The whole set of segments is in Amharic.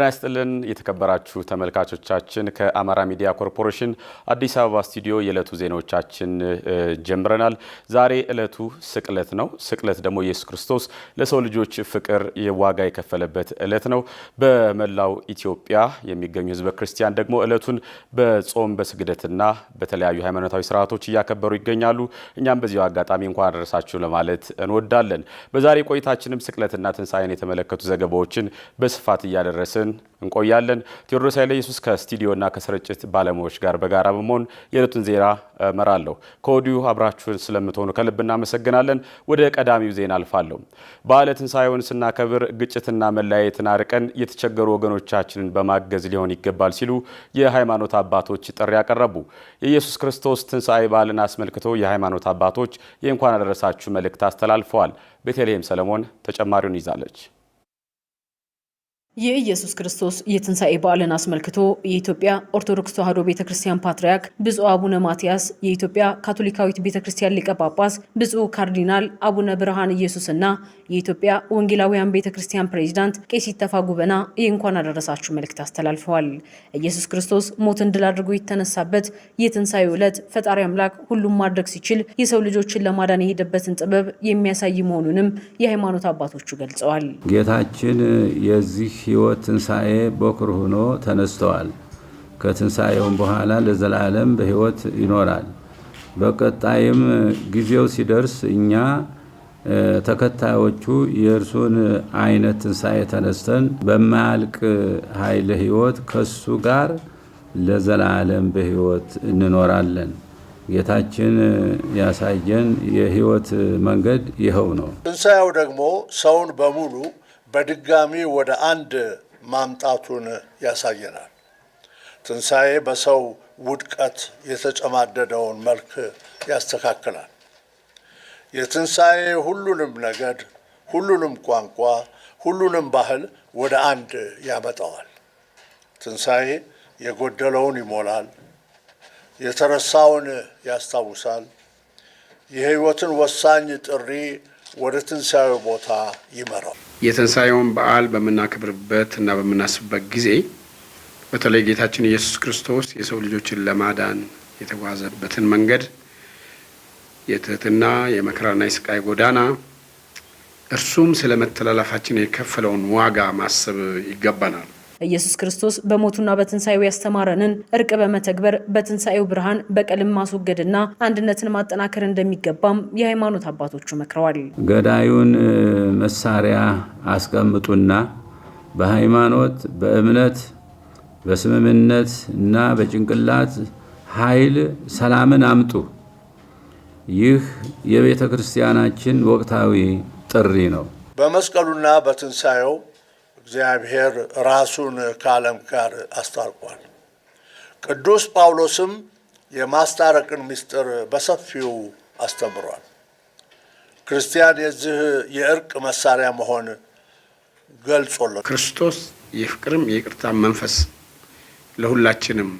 ጤና ይስጥልን የተከበራችሁ ተመልካቾቻችን፣ ከአማራ ሚዲያ ኮርፖሬሽን አዲስ አበባ ስቱዲዮ የዕለቱ ዜናዎቻችን ጀምረናል። ዛሬ ዕለቱ ስቅለት ነው። ስቅለት ደግሞ ኢየሱስ ክርስቶስ ለሰው ልጆች ፍቅር ዋጋ የከፈለበት ዕለት ነው። በመላው ኢትዮጵያ የሚገኙ ህዝበ ክርስቲያን ደግሞ ዕለቱን በጾም በስግደትና በተለያዩ ሃይማኖታዊ ስርዓቶች እያከበሩ ይገኛሉ። እኛም በዚሁ አጋጣሚ እንኳን አደረሳችሁ ለማለት እንወዳለን። በዛሬ ቆይታችንም ስቅለትና ትንሣኤን የተመለከቱ ዘገባዎችን በስፋት እያደረስን አብረን እንቆያለን። ቴዎድሮስ ኃይለ ኢየሱስ ከስቱዲዮና ከስርጭት ባለሙያዎች ጋር በጋራ በመሆን የዕለቱን ዜና መራለሁ። ከወዲሁ አብራችሁን ስለምትሆኑ ከልብ እናመሰግናለን። ወደ ቀዳሚው ዜና አልፋለሁ። በዓለ ትንሣኤውን ስናከብር ግጭትና መለያየትን አርቀን የተቸገሩ ወገኖቻችንን በማገዝ ሊሆን ይገባል ሲሉ የሃይማኖት አባቶች ጥሪ ያቀረቡ የኢየሱስ ክርስቶስ ትንሣኤ በዓልን አስመልክቶ የሃይማኖት አባቶች የእንኳን አደረሳችሁ መልእክት አስተላልፈዋል። ቤተልሔም ሰለሞን ተጨማሪውን ይዛለች። የኢየሱስ ክርስቶስ የትንሣኤ በዓልን አስመልክቶ የኢትዮጵያ ኦርቶዶክስ ተዋሕዶ ቤተ ክርስቲያን ፓትርያርክ ብፁዕ አቡነ ማትያስ፣ የኢትዮጵያ ካቶሊካዊት ቤተ ክርስቲያን ሊቀ ጳጳስ ብፁዕ ካርዲናል አቡነ ብርሃን ኢየሱስና የኢትዮጵያ ወንጌላውያን ቤተ ክርስቲያን ፕሬዚዳንት ቄስ ይተፋ ጉበና የእንኳን አደረሳችሁ መልእክት አስተላልፈዋል። ኢየሱስ ክርስቶስ ሞትን ድል አድርጎ የተነሳበት የትንሣኤው ዕለት ፈጣሪ አምላክ ሁሉም ማድረግ ሲችል የሰው ልጆችን ለማዳን የሄደበትን ጥበብ የሚያሳይ መሆኑንም የሃይማኖት አባቶቹ ገልጸዋል። ጌታችን የዚህ ሕይወት ትንሣኤ በኩር ሆኖ ተነስተዋል። ከትንሣኤውም በኋላ ለዘላለም በሕይወት ይኖራል። በቀጣይም ጊዜው ሲደርስ እኛ ተከታዮቹ የእርሱን አይነት ትንሣኤ ተነስተን በማያልቅ ኃይለ ሕይወት ከሱ ጋር ለዘላለም በሕይወት እንኖራለን። ጌታችን ያሳየን የሕይወት መንገድ ይኸው ነው። ትንሣኤው ደግሞ ሰውን በሙሉ በድጋሚ ወደ አንድ ማምጣቱን ያሳየናል። ትንሣኤ በሰው ውድቀት የተጨማደደውን መልክ ያስተካክላል። የትንሣኤ ሁሉንም ነገድ፣ ሁሉንም ቋንቋ፣ ሁሉንም ባህል ወደ አንድ ያመጣዋል። ትንሣኤ የጎደለውን ይሞላል፣ የተረሳውን ያስታውሳል፣ የሕይወትን ወሳኝ ጥሪ ወደ ትንሣኤ ቦታ ይመራል። የትንሣኤውን በዓል በምናከብርበት እና በምናስብበት ጊዜ በተለይ ጌታችን ኢየሱስ ክርስቶስ የሰው ልጆችን ለማዳን የተጓዘበትን መንገድ የትህትና የመከራና የስቃይ ጎዳና እርሱም ስለ መተላለፋችን የከፈለውን ዋጋ ማሰብ ይገባናል። ኢየሱስ ክርስቶስ በሞቱና በትንሣኤው ያስተማረንን እርቅ በመተግበር በትንሣኤው ብርሃን በቀልም ማስወገድና አንድነትን ማጠናከር እንደሚገባም የሃይማኖት አባቶቹ መክረዋል። ገዳዩን መሳሪያ አስቀምጡና በሃይማኖት በእምነት በስምምነት እና በጭንቅላት ኃይል ሰላምን አምጡ። ይህ የቤተ ክርስቲያናችን ወቅታዊ ጥሪ ነው። በመስቀሉና በትንሣኤው እግዚአብሔር ራሱን ከዓለም ጋር አስታርቋል። ቅዱስ ጳውሎስም የማስታረቅን ምስጢር በሰፊው አስተምሯል። ክርስቲያን የዚህ የእርቅ መሳሪያ መሆን ገልጾለት ክርስቶስ የፍቅርም የይቅርታ መንፈስ ለሁላችንም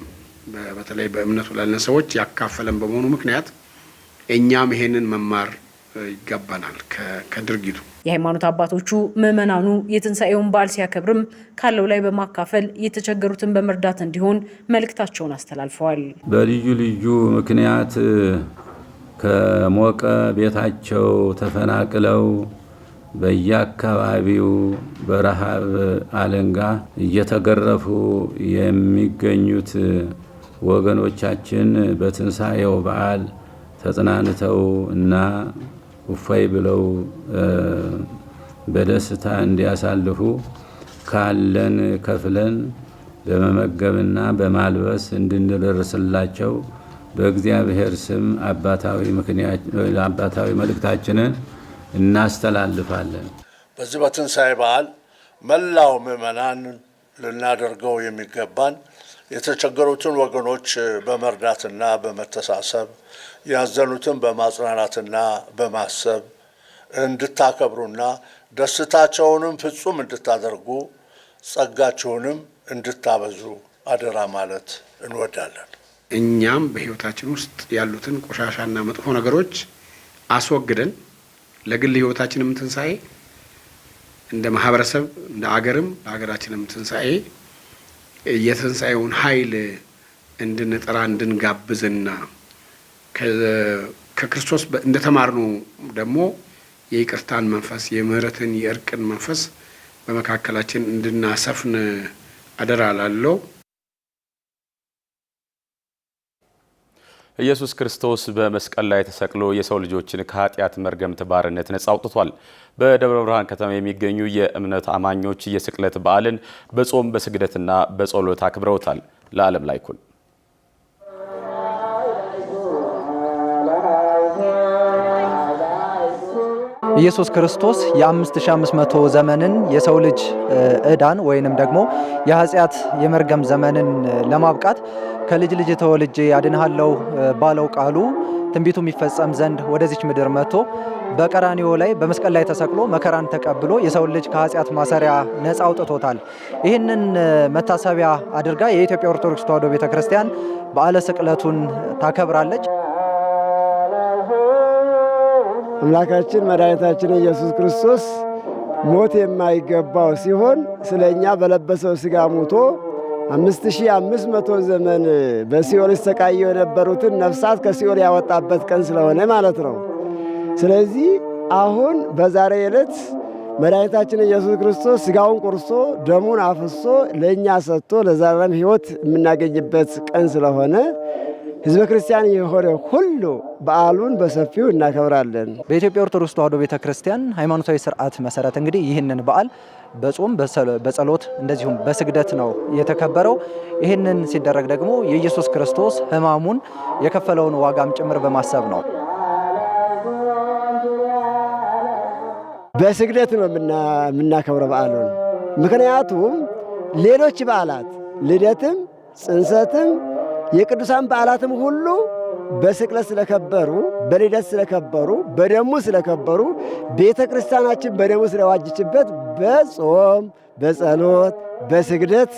በተለይ በእምነቱ ላለን ሰዎች ያካፈለን በመሆኑ ምክንያት እኛም ይሄንን መማር ይገባናል ከድርጊቱ። የሃይማኖት አባቶቹ ምዕመናኑ የትንሣኤውን በዓል ሲያከብርም ካለው ላይ በማካፈል የተቸገሩትን በመርዳት እንዲሆን መልእክታቸውን አስተላልፈዋል። በልዩ ልዩ ምክንያት ከሞቀ ቤታቸው ተፈናቅለው በየአካባቢው በረሃብ አለንጋ እየተገረፉ የሚገኙት ወገኖቻችን በትንሣኤው በዓል ተጽናንተው እና ውፋይ ብለው በደስታ እንዲያሳልፉ ካለን ከፍለን በመመገብና በማልበስ እንድንደርስላቸው በእግዚአብሔር ስም አባታዊ መልእክታችንን እናስተላልፋለን። በዚህ በትንሣኤ በዓል መላው ምእመናን ልናደርገው የሚገባን የተቸገሩትን ወገኖች በመርዳትና በመተሳሰብ ያዘኑትን በማጽናናትና በማሰብ እንድታከብሩና ደስታቸውንም ፍጹም እንድታደርጉ ጸጋችሁንም እንድታበዙ አደራ ማለት እንወዳለን። እኛም በሕይወታችን ውስጥ ያሉትን ቆሻሻና መጥፎ ነገሮች አስወግደን ለግል ሕይወታችንም ትንሣኤ እንደ ማህበረሰብ እንደ አገርም ለሀገራችንም ትንሣኤ የትንሣኤውን ኃይል እንድንጠራ እንድንጋብዝና ከክርስቶስ እንደተማርነው ደግሞ የይቅርታን መንፈስ የምህረትን የእርቅን መንፈስ በመካከላችን እንድናሰፍን አደራ ላለው ኢየሱስ ክርስቶስ በመስቀል ላይ ተሰቅሎ የሰው ልጆችን ከኃጢአት መርገምት ባርነት ነጻ አውጥቷል። በደብረ ብርሃን ከተማ የሚገኙ የእምነት አማኞች የስቅለት በዓልን በጾም በስግደትና በጸሎት አክብረውታል። ለዓለም ላይ ኩን ኢየሱስ ክርስቶስ የ5500 ዘመንን የሰው ልጅ እዳን ወይንም ደግሞ የኃጢአት የመርገም ዘመንን ለማብቃት ከልጅ ልጅ ተወልጄ ያድንሃለው ባለው ቃሉ ትንቢቱ የሚፈጸም ዘንድ ወደዚች ምድር መጥቶ በቀራኒዮ ላይ በመስቀል ላይ ተሰቅሎ መከራን ተቀብሎ የሰው ልጅ ከኃጢአት ማሰሪያ ነፃ አውጥቶታል። ይህንን መታሰቢያ አድርጋ የኢትዮጵያ ኦርቶዶክስ ተዋሕዶ ቤተክርስቲያን በዓለ ስቅለቱን ታከብራለች። አምላካችን መድኃኒታችን ኢየሱስ ክርስቶስ ሞት የማይገባው ሲሆን ስለ እኛ በለበሰው ሥጋ ሞቶ አምስት ሺህ አምስት መቶ ዘመን በሲኦል ይሰቃየው የነበሩትን ነፍሳት ከሲኦል ያወጣበት ቀን ስለሆነ ማለት ነው። ስለዚህ አሁን በዛሬ ዕለት መድኃኒታችን ኢየሱስ ክርስቶስ ሥጋውን ቆርሶ ደሙን አፍሶ ለእኛ ሰጥቶ ለዘላለም ሕይወት የምናገኝበት ቀን ስለሆነ ህዝበ ክርስቲያን የሆነ ሁሉ በዓሉን በሰፊው እናከብራለን። በኢትዮጵያ ኦርቶዶክስ ተዋህዶ ቤተ ክርስቲያን ሃይማኖታዊ ስርዓት መሰረት እንግዲህ ይህንን በዓል በጾም በጸሎት እንደዚሁም በስግደት ነው የተከበረው። ይህንን ሲደረግ ደግሞ የኢየሱስ ክርስቶስ ህማሙን የከፈለውን ዋጋም ጭምር በማሰብ ነው። በስግደት ነው የምናከብረው በዓሉን። ምክንያቱም ሌሎች በዓላት ልደትም ጽንሰትም የቅዱሳን በዓላትም ሁሉ በስቅለት ስለከበሩ፣ በልደት ስለከበሩ፣ በደሙ ስለከበሩ ቤተ ክርስቲያናችን በደሙ ስለዋጅችበት በጾም በጸሎት በስግደት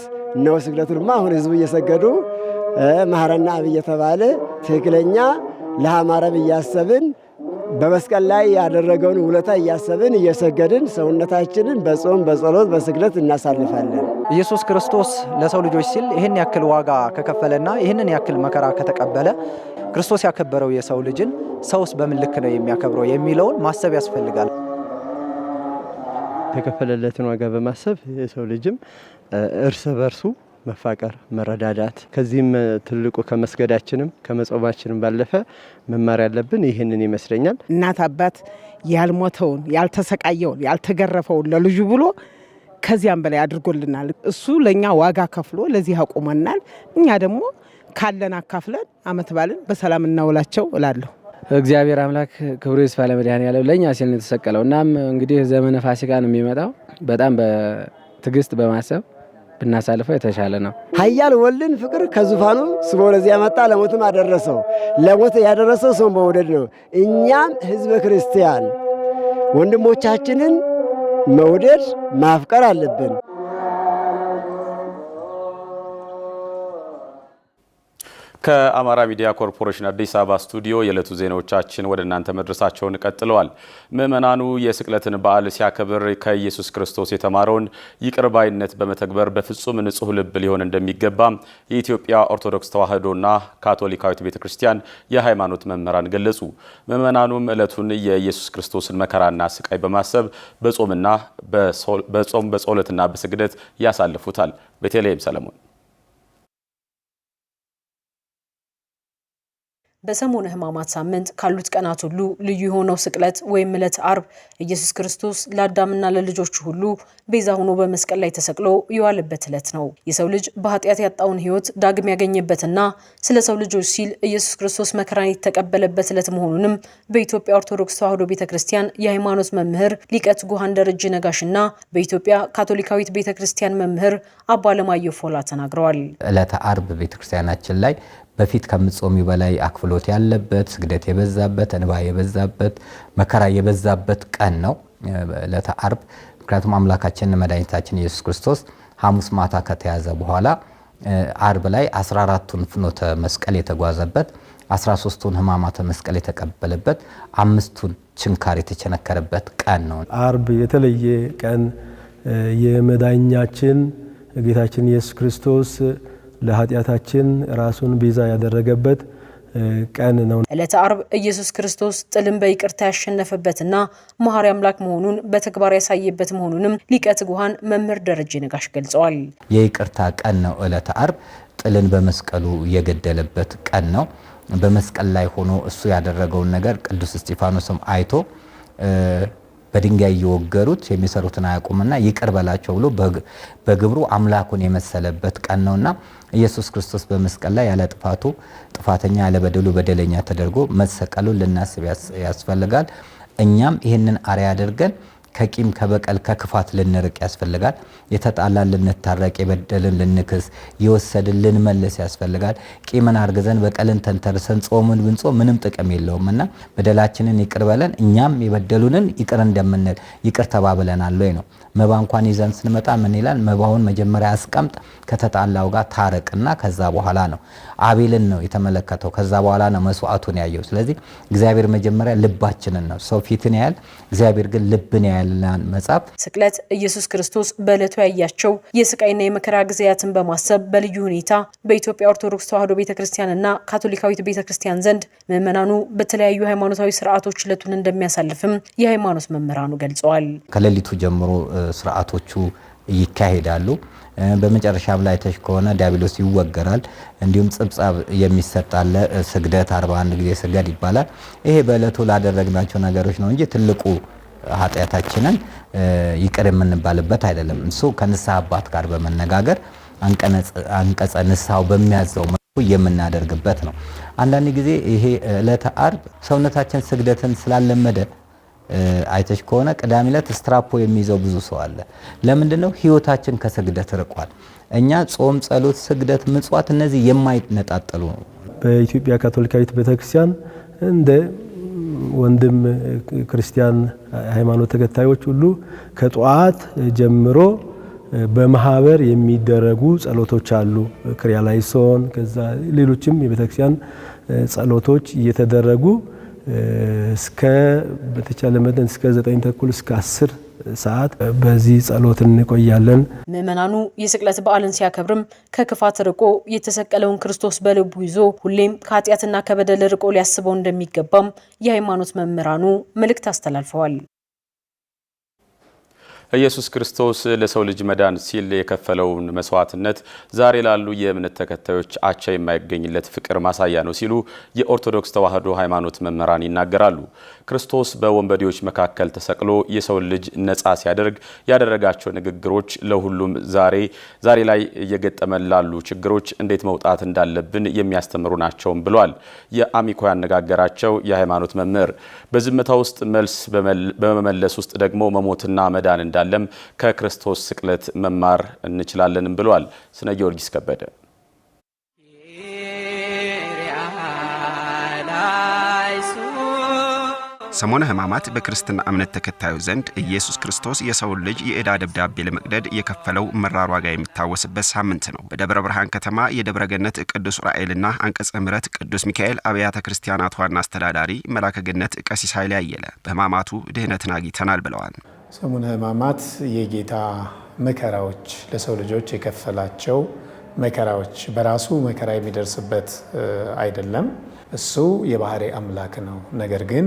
ነው። ስግደቱንማ አሁን ህዝቡ እየሰገዱ መሐረና አብ እየተባለ ትክክለኛ ለሐማረብ እያሰብን በመስቀል ላይ ያደረገውን ውለታ እያሰብን እየሰገድን ሰውነታችንን በጾም በጸሎት በስግደት እናሳልፋለን። ኢየሱስ ክርስቶስ ለሰው ልጆች ሲል ይህን ያክል ዋጋ ከከፈለና ይህንን ያክል መከራ ከተቀበለ ክርስቶስ ያከበረው የሰው ልጅን ሰውስ በምን ልክ ነው የሚያከብረው የሚለውን ማሰብ ያስፈልጋል። የተከፈለለትን ዋጋ በማሰብ የሰው ልጅም እርስ በርሱ መፋቀር፣ መረዳዳት ከዚህም ትልቁ ከመስገዳችንም ከመጾማችንም ባለፈ መማር ያለብን ይህንን ይመስለኛል። እናት አባት ያልሞተውን፣ ያልተሰቃየውን፣ ያልተገረፈውን ለልጁ ብሎ ከዚያም በላይ አድርጎልናል። እሱ ለእኛ ዋጋ ከፍሎ ለዚህ አቁመናል። እኛ ደግሞ ካለን አካፍለን አመት ባልን በሰላም እናውላቸው እላለሁ። እግዚአብሔር አምላክ ክብሩ ይስፋ ለመድኃኔዓለም ለእኛ ሲል ነው የተሰቀለው። እናም እንግዲህ ዘመነ ፋሲካ ነው የሚመጣው በጣም በትዕግስት በማሰብ ብናሳልፈው የተሻለ ነው። ኃያል ወልድን ፍቅር ከዙፋኑ ስቦ ወደዚህ መጣ፣ ለሞትም አደረሰው። ለሞት ያደረሰው ሰውን በመውደድ ነው። እኛም ህዝበ ክርስቲያን ወንድሞቻችንን መውደድ ማፍቀር አለብን። ከአማራ ሚዲያ ኮርፖሬሽን አዲስ አበባ ስቱዲዮ የዕለቱ ዜናዎቻችን ወደ እናንተ መድረሳቸውን ቀጥለዋል። ምዕመናኑ የስቅለትን በዓል ሲያከብር ከኢየሱስ ክርስቶስ የተማረውን ይቅርባይነት በመተግበር በፍጹም ንጹሕ ልብ ሊሆን እንደሚገባ የኢትዮጵያ ኦርቶዶክስ ተዋሕዶና ካቶሊካዊት ቤተ ክርስቲያን የሃይማኖት መምህራን ገለጹ። ምዕመናኑም ዕለቱን የኢየሱስ ክርስቶስን መከራና ስቃይ በማሰብ በጾምና በጾም በጸሎትና በስግደት ያሳልፉታል። ቤተልሔም ሰለሞን በሰሞነ ሕማማት ሳምንት ካሉት ቀናት ሁሉ ልዩ የሆነው ስቅለት ወይም ዕለት አርብ ኢየሱስ ክርስቶስ ለአዳምና ለልጆቹ ሁሉ ቤዛ ሆኖ በመስቀል ላይ ተሰቅሎ የዋለበት ዕለት ነው። የሰው ልጅ በኃጢአት ያጣውን ሕይወት ዳግም ያገኘበትና ስለ ሰው ልጆች ሲል ኢየሱስ ክርስቶስ መከራን የተቀበለበት ዕለት መሆኑንም በኢትዮጵያ ኦርቶዶክስ ተዋሕዶ ቤተ ክርስቲያን የሃይማኖት መምህር ሊቀ ትጉሃን ደረጀ ነጋሽና በኢትዮጵያ ካቶሊካዊት ቤተ ክርስቲያን መምህር አባ አለማየሁ ፎላ ተናግረዋል። ዕለተ አርብ ቤተክርስቲያናችን ላይ በፊት ከምትጾሚው በላይ አክፍሎት ያለበት ስግደት የበዛበት እንባ የበዛበት መከራ የበዛበት ቀን ነው ዕለተ ዓርብ። ምክንያቱም አምላካችን መድኃኒታችን ኢየሱስ ክርስቶስ ሐሙስ ማታ ከተያዘ በኋላ ዓርብ ላይ 14ቱን ፍኖተ መስቀል የተጓዘበት 13ቱን ህማማተ መስቀል የተቀበለበት አምስቱን ችንካር የተቸነከረበት ቀን ነው። ዓርብ የተለየ ቀን የመዳኛችን ጌታችን ኢየሱስ ክርስቶስ ለኃጢአታችን ራሱን ቤዛ ያደረገበት ቀን ነው። ዕለተ አርብ ኢየሱስ ክርስቶስ ጥልን በይቅርታ ያሸነፈበትና መሐሪ አምላክ መሆኑን በተግባር ያሳየበት መሆኑንም ሊቀ ትጉሃን መምህር ደረጀ ነጋሽ ገልጸዋል። የይቅርታ ቀን ነው። ዕለተ አርብ ጥልን በመስቀሉ የገደለበት ቀን ነው። በመስቀል ላይ ሆኖ እሱ ያደረገውን ነገር ቅዱስ እስጢፋኖስም አይቶ በድንጋይ እየወገሩት የሚሰሩትን አያውቁምና ይቅር በላቸው ብሎ በግብሩ አምላኩን የመሰለበት ቀን ነውና ኢየሱስ ክርስቶስ በመስቀል ላይ ያለ ጥፋቱ ጥፋተኛ ያለ በደሉ በደለኛ ተደርጎ መሰቀሉን ልናስብ ያስፈልጋል። እኛም ይህንን አርያ አድርገን ከቂም ከበቀል ከክፋት ልንርቅ ያስፈልጋል። የተጣላን ልንታረቅ፣ የበደልን ልንክስ፣ የወሰድን ልንመልስ ያስፈልጋል። ቂምን አርግዘን በቀልን ተንተርሰን ጾምን ብንጾም ምንም ጥቅም የለውም እና በደላችንን ይቅር በለን እኛም የበደሉንን ይቅር እንደምንል ይቅር ተባብለናል ወይ ነው። መባ እንኳን ይዘን ስንመጣ ምን ይላል? መባውን መጀመሪያ አስቀምጥ፣ ከተጣላው ጋር ታረቅና ከዛ በኋላ ነው አቤልን ነው የተመለከተው። ከዛ በኋላ ነው መስዋዕቱን ያየው። ስለዚህ እግዚአብሔር መጀመሪያ ልባችንን ነው፣ ሰው ፊትን ያያል፣ እግዚአብሔር ግን ልብን ያያላን መጽሐፍ። ስቅለት ኢየሱስ ክርስቶስ በዕለቱ ያያቸው የስቃይና የመከራ ጊዜያትን በማሰብ በልዩ ሁኔታ በኢትዮጵያ ኦርቶዶክስ ተዋሕዶ ቤተ ክርስቲያንና ካቶሊካዊት ቤተ ክርስቲያን ዘንድ ምዕመናኑ በተለያዩ ሃይማኖታዊ ስርዓቶች ዕለቱን እንደሚያሳልፍም የሃይማኖት መምህራኑ ገልጸዋል። ከሌሊቱ ጀምሮ ስርዓቶቹ ይካሄዳሉ። በመጨረሻም ላይ ተሽ ከሆነ ዲያብሎስ ይወገራል። እንዲሁም ጽብጻብ የሚሰጣለ ስግደት 41 ጊዜ ስገድ ይባላል። ይሄ በእለቱ ላደረግናቸው ነገሮች ነው እንጂ ትልቁ ኃጢአታችንን ይቅር የምንባልበት አይደለም። እሱ ከንስሐ አባት ጋር በመነጋገር አንቀጸ ንስሐው በሚያዘው መልኩ የምናደርግበት ነው። አንዳንድ ጊዜ ይሄ ዕለተ አርብ ሰውነታችን ስግደትን ስላለመደ አይተች ከሆነ ቅዳሜ ዕለት ስትራፖ የሚይዘው ብዙ ሰው አለ። ለምንድን ነው? ህይወታችን ከስግደት ርቋል። እኛ ጾም፣ ጸሎት፣ ስግደት፣ ምጽዋት እነዚህ የማይነጣጠሉ ነው። በኢትዮጵያ ካቶሊካዊት ቤተክርስቲያን እንደ ወንድም ክርስቲያን ሃይማኖት ተከታዮች ሁሉ ከጠዋት ጀምሮ በማህበር የሚደረጉ ጸሎቶች አሉ። ክሪያላይሶን ከዛ ሌሎችም የቤተክርስቲያን ጸሎቶች እየተደረጉ እስከ በተቻለ መጠን እስከ ዘጠኝ ተኩል እስከ አስር ሰዓት በዚህ ጸሎት እንቆያለን። ምዕመናኑ የስቅለት በዓልን ሲያከብርም ከክፋት ርቆ የተሰቀለውን ክርስቶስ በልቡ ይዞ ሁሌም ከኃጢአትና ከበደል ርቆ ሊያስበው እንደሚገባም የሃይማኖት መምህራኑ መልእክት አስተላልፈዋል። ኢየሱስ ክርስቶስ ለሰው ልጅ መዳን ሲል የከፈለውን መስዋዕትነት ዛሬ ላሉ የእምነት ተከታዮች አቻ የማይገኝለት ፍቅር ማሳያ ነው ሲሉ የኦርቶዶክስ ተዋሕዶ ሃይማኖት መምህራን ይናገራሉ። ክርስቶስ በወንበዴዎች መካከል ተሰቅሎ የሰውን ልጅ ነፃ ሲያደርግ ያደረጋቸው ንግግሮች ለሁሉም ዛሬ ዛሬ ላይ እየገጠመን ላሉ ችግሮች እንዴት መውጣት እንዳለብን የሚያስተምሩ ናቸውም ብሏል። የአሚኮ ያነጋገራቸው የሃይማኖት መምህር በዝምታ ውስጥ መልስ በመመለስ ውስጥ ደግሞ መሞትና መዳን እንዳለ እንዳለም ከክርስቶስ ስቅለት መማር እንችላለንም ብሏል። ስነ ጊዮርጊስ ከበደ ሰሞነ ሕማማት በክርስትና እምነት ተከታዩ ዘንድ ኢየሱስ ክርስቶስ የሰውን ልጅ የዕዳ ደብዳቤ ለመቅደድ የከፈለው መራር ዋጋ የሚታወስበት ሳምንት ነው። በደብረ ብርሃን ከተማ የደብረ ገነት ቅዱስ ራኤልና አንቀጸ ምሕረት ቅዱስ ሚካኤል አብያተ ክርስቲያናት ዋና አስተዳዳሪ መላከ ገነት ቀሲስ ኃይሌ አየለ በሕማማቱ ድህነትን አግኝተናል ብለዋል። ሰሙነ ሕማማት የጌታ መከራዎች ለሰው ልጆች የከፈላቸው መከራዎች በራሱ መከራ የሚደርስበት አይደለም። እሱ የባህሪ አምላክ ነው። ነገር ግን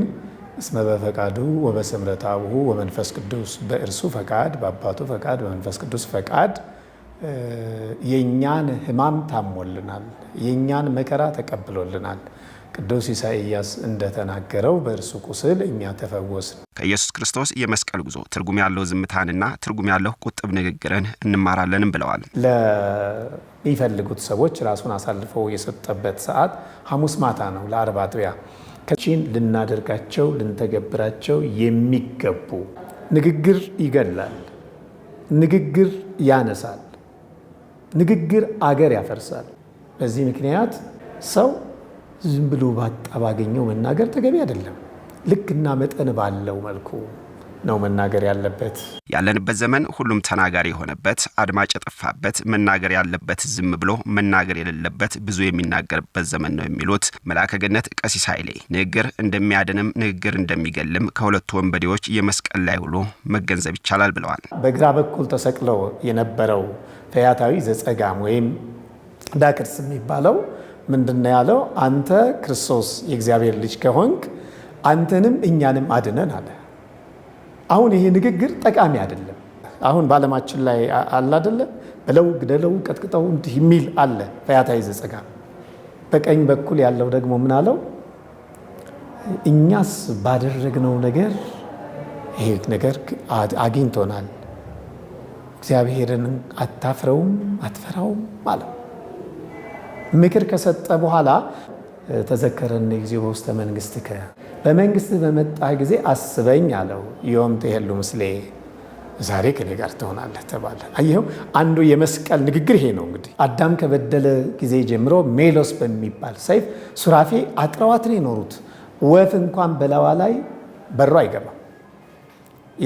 እስመ በፈቃዱ ወበስምረት አቡሁ ወመንፈስ ቅዱስ በእርሱ ፈቃድ፣ በአባቱ ፈቃድ፣ በመንፈስ ቅዱስ ፈቃድ የእኛን ሕማም ታሞልናል፣ የእኛን መከራ ተቀብሎልናል። ቅዱስ ኢሳይያስ እንደተናገረው በእርሱ ቁስል እኛ ተፈወስን። ከኢየሱስ ክርስቶስ የመስቀል ጉዞ ትርጉም ያለው ዝምታንና ትርጉም ያለው ቁጥብ ንግግርን እንማራለንም ብለዋል። ለሚፈልጉት ሰዎች ራሱን አሳልፈው የሰጠበት ሰዓት ሐሙስ ማታ ነው። ለአርብ አጥቢያ ከቺን ልናደርጋቸው ልንተገብራቸው የሚገቡ ንግግር ይገላል፣ ንግግር ያነሳል ንግግር አገር ያፈርሳል። በዚህ ምክንያት ሰው ዝም ብሎ ባጣ ባገኘው መናገር ተገቢ አይደለም። ልክና መጠን ባለው መልኩ ነው መናገር ያለበት። ያለንበት ዘመን ሁሉም ተናጋሪ የሆነበት፣ አድማጭ የጠፋበት፣ መናገር ያለበት ዝም ብሎ መናገር የሌለበት ብዙ የሚናገርበት ዘመን ነው የሚሉት መልአከ ገነት ቀሲስ ኃይሌ ንግግር እንደሚያድንም ንግግር እንደሚገልም ከሁለቱ ወንበዴዎች የመስቀል ላይ ውሎ መገንዘብ ይቻላል ብለዋል። በግራ በኩል ተሰቅለው የነበረው ፈያታዊ ዘጸጋም ወይም ዳቅርስ የሚባለው ምንድነው ያለው? አንተ ክርስቶስ የእግዚአብሔር ልጅ ከሆንክ አንተንም እኛንም አድነን አለ። አሁን ይሄ ንግግር ጠቃሚ አይደለም። አሁን በዓለማችን ላይ አለ አይደለም፣ ብለው ግደለው፣ ቀጥቅጠው እንዲህ የሚል አለ። ፈያታዊ ዘጸጋም በቀኝ በኩል ያለው ደግሞ ምን አለው? እኛስ ባደረግነው ነገር ይሄ ነገር አግኝቶናል እግዚአብሔርን አታፍረውም አትፈራውም ማለት ምክር ከሰጠ በኋላ ተዘከረን እግዚኦ በውስተ መንግሥትከ በመንግስት በመጣ ጊዜ አስበኝ አለው። ዮም ትሄሉ ምስሌ ዛሬ ከኔ ጋር ትሆናለህ ተባለ። አየኸው አንዱ የመስቀል ንግግር ይሄ ነው። እንግዲህ አዳም ከበደለ ጊዜ ጀምሮ ሜሎስ በሚባል ሰይፍ ሱራፌ አጥረዋት ነው የኖሩት። ወፍ እንኳን በላዋ ላይ በሮ አይገባም።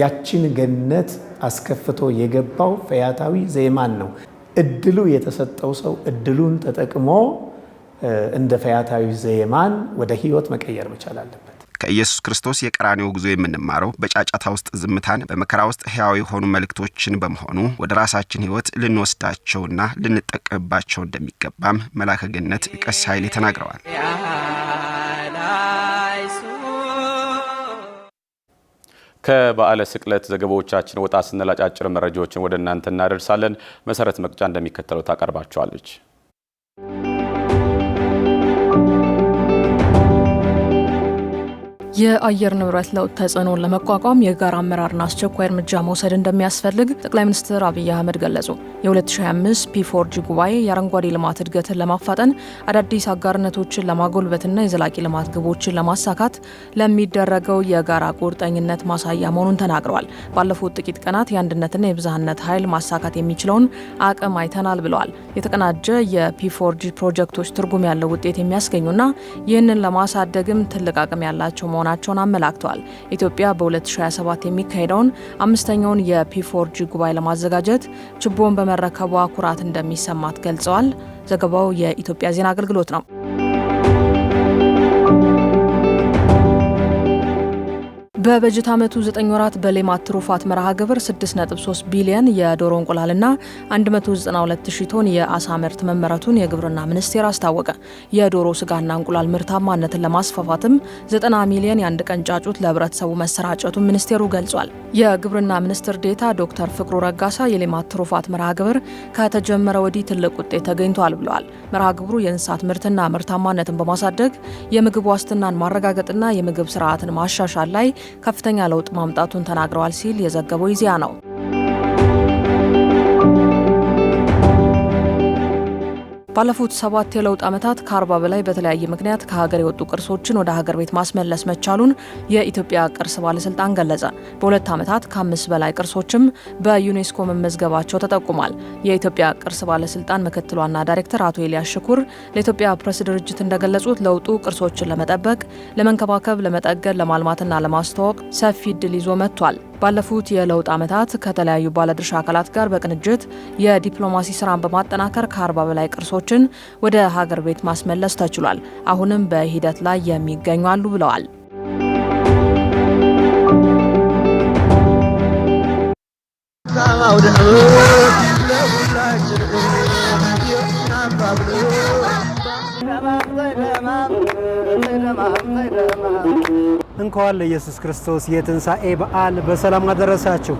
ያችን ገነት አስከፍቶ የገባው ፈያታዊ ዜማን ነው። እድሉ የተሰጠው ሰው እድሉን ተጠቅሞ እንደ ፈያታዊ ዜማን ወደ ህይወት መቀየር መቻል አለበት። ከኢየሱስ ክርስቶስ የቀራኔው ጉዞ የምንማረው በጫጫታ ውስጥ ዝምታን፣ በመከራ ውስጥ ህያው የሆኑ መልእክቶችን በመሆኑ ወደ ራሳችን ህይወት ልንወስዳቸውና ልንጠቀምባቸው እንደሚገባም መላከ ገነት ቀሲስ ኃይሌ ተናግረዋል። ከበዓለ ስቅለት ዘገባዎቻችን ወጣ ስንል አጫጭር መረጃዎችን ወደ እናንተ እናደርሳለን። መሰረት መቅጫ እንደሚከተለው ታቀርባቸዋለች። የአየር ንብረት ለውጥ ተጽዕኖን ለመቋቋም የጋራ አመራርና አስቸኳይ እርምጃ መውሰድ እንደሚያስፈልግ ጠቅላይ ሚኒስትር አብይ አህመድ ገለጹ። 2025 ፒፎርጂ ጉባኤ የአረንጓዴ ልማት እድገትን ለማፋጠን አዳዲስ አጋርነቶችን ለማጎልበትና የዘላቂ ልማት ግቦችን ለማሳካት ለሚደረገው የጋራ ቁርጠኝነት ማሳያ መሆኑን ተናግረዋል። ባለፉት ጥቂት ቀናት የአንድነትና የብዝሃነት ኃይል ማሳካት የሚችለውን አቅም አይተናል ብለዋል። የተቀናጀ የፒፎርጂ ፕሮጀክቶች ትርጉም ያለው ውጤት የሚያስገኙና ይህንን ለማሳደግም ትልቅ አቅም ያላቸው መሆናቸውን አመላክተዋል። ኢትዮጵያ በ2027 የሚካሄደውን አምስተኛውን የፒ4ጂ ጉባኤ ለማዘጋጀት ችቦን በመረከቧ ኩራት እንደሚሰማት ገልጸዋል። ዘገባው የኢትዮጵያ ዜና አገልግሎት ነው። በበጀት ዓመቱ 9 ወራት በሌማት ትሩፋት መርሃ ግብር 6.3 ቢሊዮን የዶሮ እንቁላልና 192000 ቶን የአሳ ምርት መመረቱን የግብርና ሚኒስቴር አስታወቀ። የዶሮ ስጋና እንቁላል ምርታማነትን ለማስፋፋትም 90 ሚሊዮን የአንድ ቀን ጫጩት ለህብረተሰቡ መሰራጨቱን ሚኒስቴሩ ገልጿል። የግብርና ሚኒስትር ዴታ ዶክተር ፍቅሩ ረጋሳ የሌማት ትሩፋት መርሃ ግብር ከተጀመረ ወዲህ ትልቅ ውጤት ተገኝቷል ብለዋል። መርሃ ግብሩ የእንስሳት ምርትና ምርታማነትን በማሳደግ የምግብ ዋስትናን ማረጋገጥና የምግብ ስርዓትን ማሻሻል ላይ ከፍተኛ ለውጥ ማምጣቱን ተናግረዋል ሲል የዘገበው ይዚያ ነው። ባለፉት ሰባት የለውጥ ዓመታት ከአርባ በላይ በተለያየ ምክንያት ከሀገር የወጡ ቅርሶችን ወደ ሀገር ቤት ማስመለስ መቻሉን የኢትዮጵያ ቅርስ ባለስልጣን ገለጸ። በሁለት ዓመታት ከአምስት በላይ ቅርሶችም በዩኔስኮ መመዝገባቸው ተጠቁሟል። የኢትዮጵያ ቅርስ ባለስልጣን ምክትል ዋና ዳይሬክተር አቶ ኤልያስ ሽኩር ለኢትዮጵያ ፕሬስ ድርጅት እንደገለጹት ለውጡ ቅርሶችን ለመጠበቅ፣ ለመንከባከብ፣ ለመጠገን፣ ለማልማትና ለማስተዋወቅ ሰፊ እድል ይዞ መጥቷል። ባለፉት የለውጥ ዓመታት ከተለያዩ ባለድርሻ አካላት ጋር በቅንጅት የዲፕሎማሲ ስራን በማጠናከር ከአርባ በላይ ቅርሶችን ወደ ሀገር ቤት ማስመለስ ተችሏል። አሁንም በሂደት ላይ የሚገኙ አሉ ብለዋል። ወደ እንኳን ለኢየሱስ ክርስቶስ የትንሣኤ በዓል በሰላም አደረሳችሁ።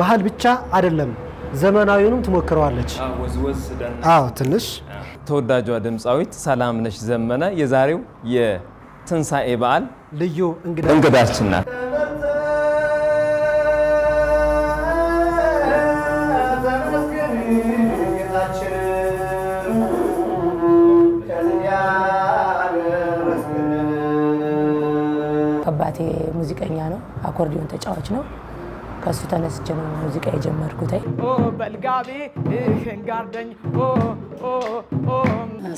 ባህል ብቻ አይደለም፣ ዘመናዊውንም ትሞክረዋለች። አዎ ትንሽ ተወዳጇ ድምፃዊት ሰላምነሽ ዘመነ የዛሬው የትንሣኤ በዓል ልዩ እንግዳችን ናት። አኮርዲዮን ተጫዋች ነው። ከሱ ተነስቼ ነው ሙዚቃ የጀመርኩት። በልጋቤ ንጋርደኝ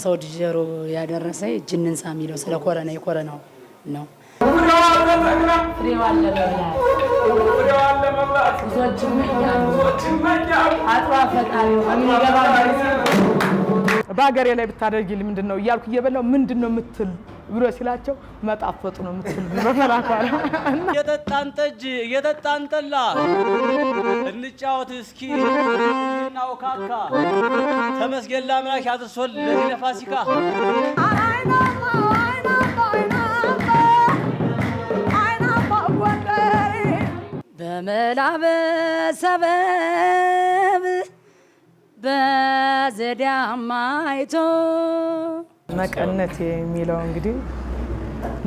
ሰው ዲጀሮ ያደረሰ ጅንንሳ የሚለው ስለ ኮረና የኮረናው ነው። ብዙዎች ይመኛሉ። በሀገሬ ላይ ብታደርጊልኝ ምንድን ነው እያልኩ እየበላው ምንድን ነው የምትል ብሎ ሲላቸው መጣፈጡ ነው የምትል ብሎ ተላኳል። እየጠጣን ጠጅ እየጠጣን ጠላ እንጫወት እስኪ እናውካካ ተመስገን ለአምላክ ያድርሶን ለዚህ ለፋሲካ በመላ በዘዳማይቶ መቀነት የሚለው እንግዲህ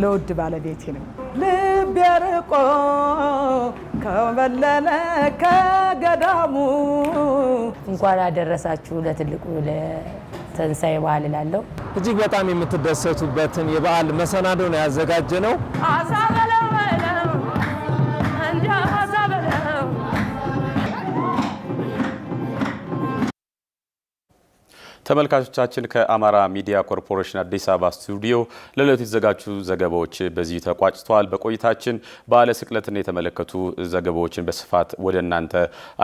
ለውድ ባለቤቴ ነው። ልብ ያርቆ ከበለለ ከገዳሙ እንኳን አደረሳችሁ ለትልቁ ለትንሳኤ በዓል እላለሁ። እጅግ በጣም የምትደሰቱበትን የበዓል መሰናዶ ነው ያዘጋጀ ነው። ተመልካቾቻችን ከአማራ ሚዲያ ኮርፖሬሽን አዲስ አበባ ስቱዲዮ ለዕለቱ የተዘጋጁ ዘገባዎች በዚህ ተቋጭተዋል። በቆይታችን በዓለ ስቅለትን የተመለከቱ ዘገባዎችን በስፋት ወደ እናንተ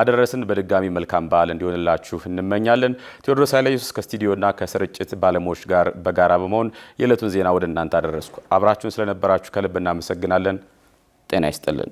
አደረስን። በድጋሚ መልካም በዓል እንዲሆንላችሁ እንመኛለን። ቴዎድሮስ ኃይለየሱስ ከስቱዲዮና ከስርጭት ባለሙያዎች ጋር በጋራ በመሆን የዕለቱን ዜና ወደ እናንተ አደረስኩ። አብራችሁን ስለነበራችሁ ከልብ እናመሰግናለን። ጤና ይስጥልን።